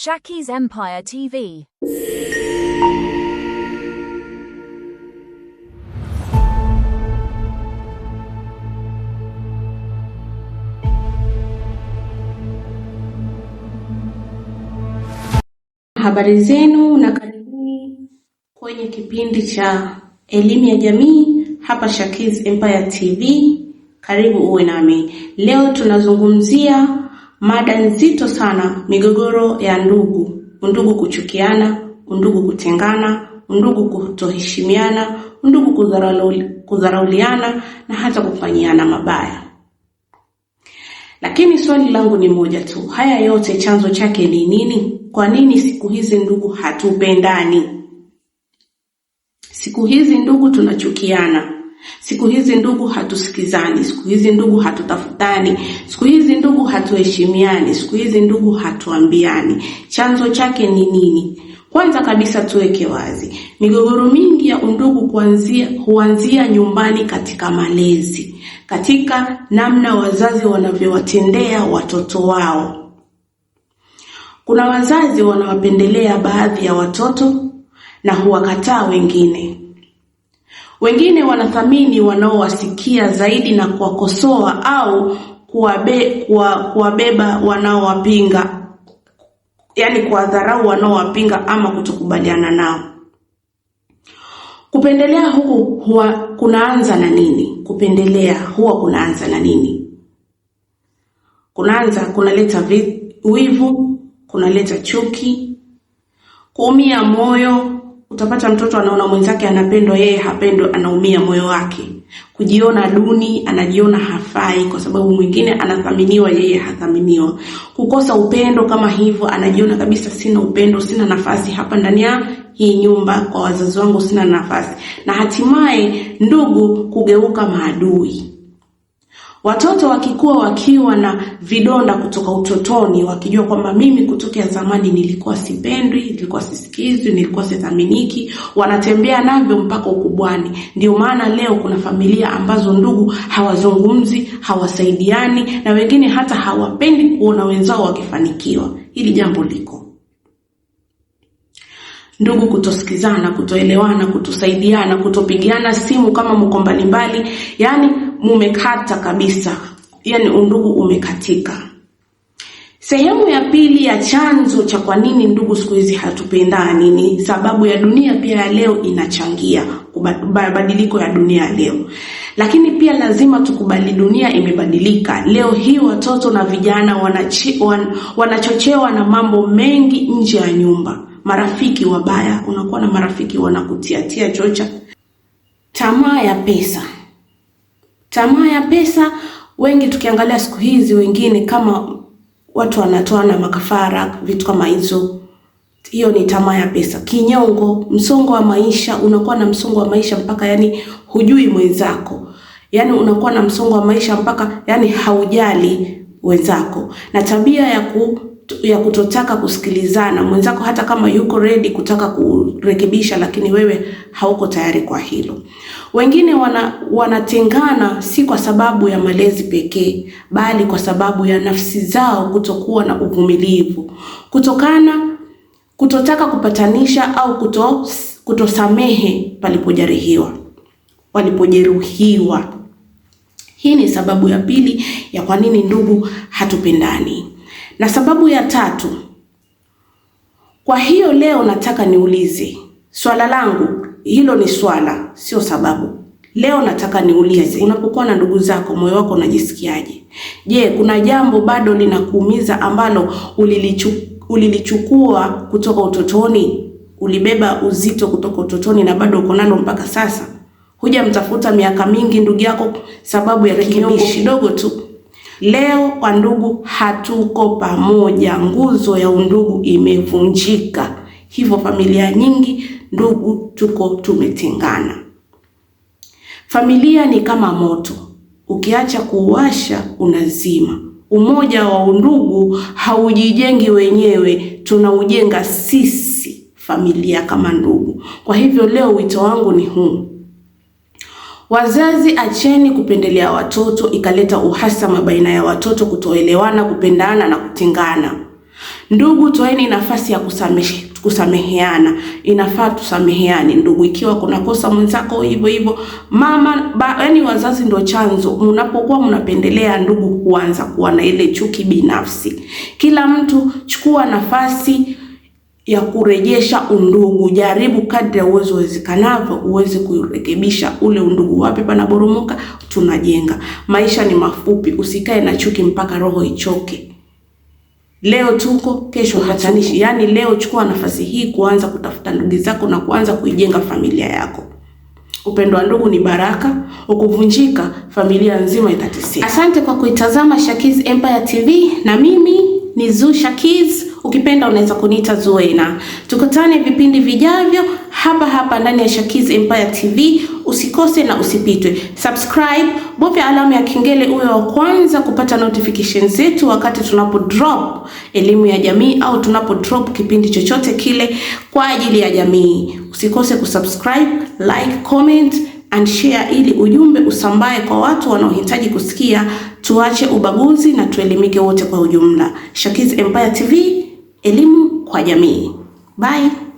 Shaki's Empire TV. Habari zenu na karibuni kwenye kipindi cha elimu ya jamii hapa Shaki's Empire TV. Karibu uwe nami. Leo tunazungumzia mada nzito sana: migogoro ya ndugu, undugu kuchukiana, undugu kutengana, undugu kutoheshimiana, undugu kudharauliana na hata kufanyiana mabaya. Lakini swali langu ni moja tu, haya yote chanzo chake ni nini? Kwa nini siku hizi ndugu hatupendani? Siku hizi ndugu tunachukiana Siku hizi ndugu, hatusikizani. Siku hizi ndugu, hatutafutani. Siku hizi ndugu, hatuheshimiani. Siku hizi ndugu, hatuambiani. Chanzo chake ni nini? Kwanza kabisa tuweke wazi, migogoro mingi ya undugu kuanzia huanzia nyumbani, katika malezi, katika namna wazazi wanavyowatendea watoto wao. Kuna wazazi wanawapendelea baadhi ya watoto na huwakataa wengine. Wengine wanathamini wanaowasikia zaidi na kuwakosoa au kuwabe, kuwabeba wanaowapinga, yaani kuwadharau wanaowapinga ama kutokubaliana nao. Kupendelea huku huwa kunaanza na nini? Kupendelea huwa kunaanza na nini? Kunaanza kunaleta wivu, kunaleta chuki, kuumia moyo, Utapata mtoto anaona mwenzake anapendwa, yeye hapendwa, anaumia moyo wake, kujiona duni, anajiona hafai, kwa sababu mwingine anathaminiwa, yeye hathaminiwa. Kukosa upendo kama hivyo, anajiona kabisa, sina upendo, sina nafasi hapa ndani ya hii nyumba, kwa wazazi wangu sina nafasi, na hatimaye ndugu kugeuka maadui. Watoto wakikuwa wakiwa na vidonda kutoka utotoni, wakijua kwamba mimi kutokea zamani nilikuwa sipendwi, nilikuwa sisikizwi, nilikuwa sithaminiki, wanatembea navyo mpaka ukubwani. Ndio maana leo kuna familia ambazo ndugu hawazungumzi, hawasaidiani, na wengine hata hawapendi kuona wenzao wakifanikiwa. Hili jambo liko Ndugu kutosikizana, kutoelewana, kutosaidiana, kutopigiana simu kama mko mbalimbali, yaani mumekata kabisa, yani undugu umekatika. Sehemu ya pili ya chanzo cha kwa nini ndugu siku hizi hatupendani ni sababu ya dunia pia ya leo inachangia mabadiliko ya dunia ya leo, lakini pia lazima tukubali dunia imebadilika. Leo hii watoto na vijana wanachi, wan, wanachochewa na mambo mengi nje ya nyumba, marafiki wabaya. Unakuwa na marafiki wanakutiatia chocha, tamaa ya pesa tamaa ya pesa. Wengi tukiangalia siku hizi, wengine kama watu wanatoa na makafara, vitu kama hizo. Hiyo ni tamaa ya pesa. Kinyongo, msongo wa maisha. Unakuwa na msongo wa maisha mpaka yani hujui mwenzako, yani unakuwa na msongo wa maisha mpaka yani haujali wenzako, na tabia ya ku ya kutotaka kusikilizana mwenzako, hata kama yuko ready kutaka kurekebisha, lakini wewe hauko tayari kwa hilo. Wengine wana, wanatengana si kwa sababu ya malezi pekee, bali kwa sababu ya nafsi zao kutokuwa na uvumilivu, kutokana kutotaka kupatanisha au kuto, kutosamehe palipojeruhiwa walipojeruhiwa. Hii ni sababu ya pili ya kwa nini ndugu hatupendani. Na sababu ya tatu, kwa hiyo leo nataka niulize swala langu hilo. Ni swala, sio sababu. Leo nataka niulize, unapokuwa na ndugu zako, moyo wako unajisikiaje? Je, kuna jambo bado linakuumiza ambalo ulilichu, ulilichukua kutoka utotoni, ulibeba uzito kutoka utotoni na bado uko nalo mpaka sasa? Hujamtafuta miaka mingi ndugu yako sababu ya kinyongo kidogo tu Leo kwa ndugu hatuko pamoja, nguzo ya undugu imevunjika. Hivyo familia nyingi ndugu, tuko tumetengana. Familia ni kama moto, ukiacha kuwasha unazima. Umoja wa undugu haujijengi wenyewe, tunaujenga sisi familia kama ndugu. Kwa hivyo leo wito wangu ni huu Wazazi acheni kupendelea watoto ikaleta uhasama baina ya watoto, kutoelewana, kupendana na kutengana. Ndugu, toeni nafasi ya kusamehe kusameheana. Inafaa tusameheane ndugu, ikiwa kuna kosa mwenzako hivyo hivyo. Mama yani wazazi ndio chanzo. Mnapokuwa mnapendelea ndugu, kuanza kuwa na ile chuki binafsi. Kila mtu chukua nafasi ya kurejesha undugu. Jaribu kadri ya uwezo uwezekanavyo uweze kurekebisha ule undugu. Wapi panaboromoka, tunajenga. Maisha ni mafupi, usikae na chuki mpaka roho ichoke. Leo tuko kesho hatanishi. Yaani leo chukua nafasi hii kuanza kutafuta ndugu zako na kuanza kuijenga familia yako. Upendo wa ndugu ni baraka, ukuvunjika familia nzima itatisika. Asante kwa kuitazama Shakiz Empire TV, na mimi ni Zusha Kids. Ukipenda unaweza kuniita Zuena. Tukutane vipindi vijavyo hapa hapa ndani ya Shakyz Empire TV. Usikose na usipitwe. Subscribe, bofya alama ya kengele uwe wa kwanza kupata notification zetu wakati tunapo drop elimu ya jamii au tunapo drop kipindi chochote kile kwa ajili ya jamii. Usikose kusubscribe, like, comment and share ili ujumbe usambae kwa watu wanaohitaji kusikia. Tuache ubaguzi na tuelimike wote kwa ujumla. Shakyz Empire TV Elimu kwa Jamii. Bye.